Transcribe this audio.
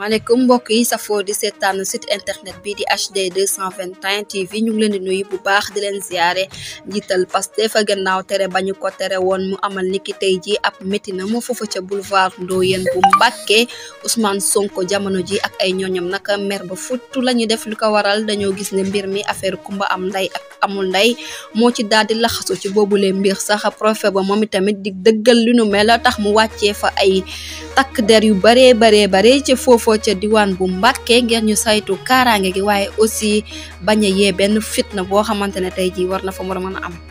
maaleykum mbokk yi safoo di seetaan site internet bi di HD 221 TV ñu ngi leen di nuyu bu baax di leen ziare njiital fa gannaaw tere ba bañu ko tere woon mu amal niki tey ji ab métina moo foofa ca boulevard Ndoyeen bu Mbàkke Ousmane Sonko jamono ji ak ay ñooñam naka mer ba futtu la ñu def lu ko waral dañoo gis ne mbir mi affaire kumba am nday ak amul nday moo ci daal di laxasu ci boobu boobule mbir sax préfet ba moom itamit di dëggal li nu mel tax mu wàccee fa ay takk der yu baree baree bare ci foofoo ca diwaan bu Mbàkke ngir ñu saytu kaaraange gi waaye aussi bañ a yee benn fitna boo xamante ne tey jii war na fa mën a am